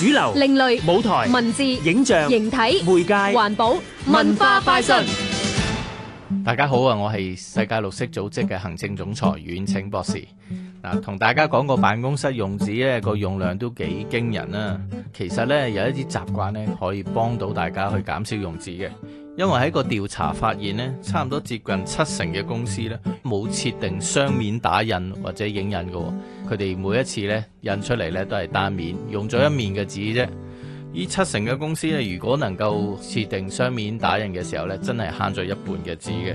主流、另類舞台、文字、影像、形體、媒介、環保、文化快訊。大家好啊，我係世界綠色組織嘅行政總裁阮清博士嗱，同、啊、大家講個辦公室用紙呢個用量都幾驚人啊。其實呢，有一啲習慣呢可以幫到大家去減少用紙嘅，因為喺個調查發現呢，差唔多接近七成嘅公司呢。冇設定雙面打印或者影印喎。佢哋每一次呢印出嚟呢都係單面，用咗一面嘅紙啫。呢七成嘅公司咧，如果能夠設定雙面打印嘅時候呢，真係慳咗一半嘅紙嘅。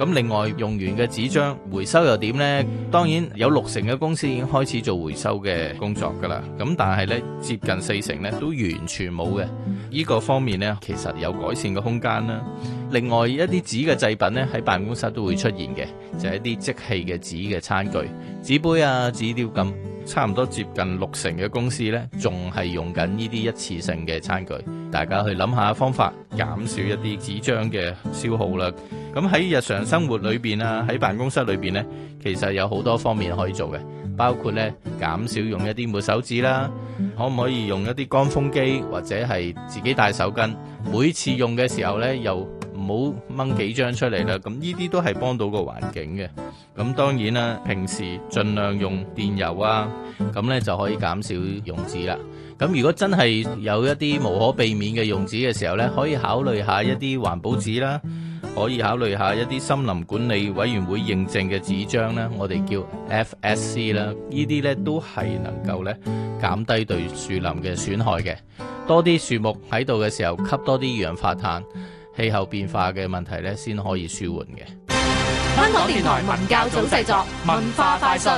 咁另外用完嘅紙張回收又點呢？當然有六成嘅公司已經開始做回收嘅工作噶啦。咁但係呢接近四成呢都完全冇嘅。呢、這個方面呢，其實有改善嘅空間啦。另外一啲紙嘅製品呢，喺辦公室都會出現嘅，就係、是、一啲即棄嘅紙嘅餐具、紙杯啊、紙雕咁。差唔多接近六成嘅公司呢，仲係用緊呢啲一次性嘅餐具。大家去諗下方法，減少一啲紙張嘅消耗啦。咁喺日常生活裏邊啊，喺辦公室裏邊呢，其實有好多方面可以做嘅，包括呢，減少用一啲抹手紙啦，可唔可以用一啲乾風機，或者係自己帶手巾，每次用嘅時候呢，又。好掹幾張出嚟啦，咁呢啲都係幫到個環境嘅。咁當然啦，平時盡量用電油啊，咁呢就可以減少用紙啦。咁如果真係有一啲無可避免嘅用紙嘅時候呢，可以考慮下一啲環保紙啦，可以考慮下一啲森林管理委員會認證嘅紙張啦。我哋叫 FSC 啦，呢啲呢都係能夠呢減低對樹林嘅損害嘅。多啲樹木喺度嘅時候，吸多啲二氧化碳。氣候變化嘅問題咧，先可以舒緩嘅。香港電台文教組製作文化快訊。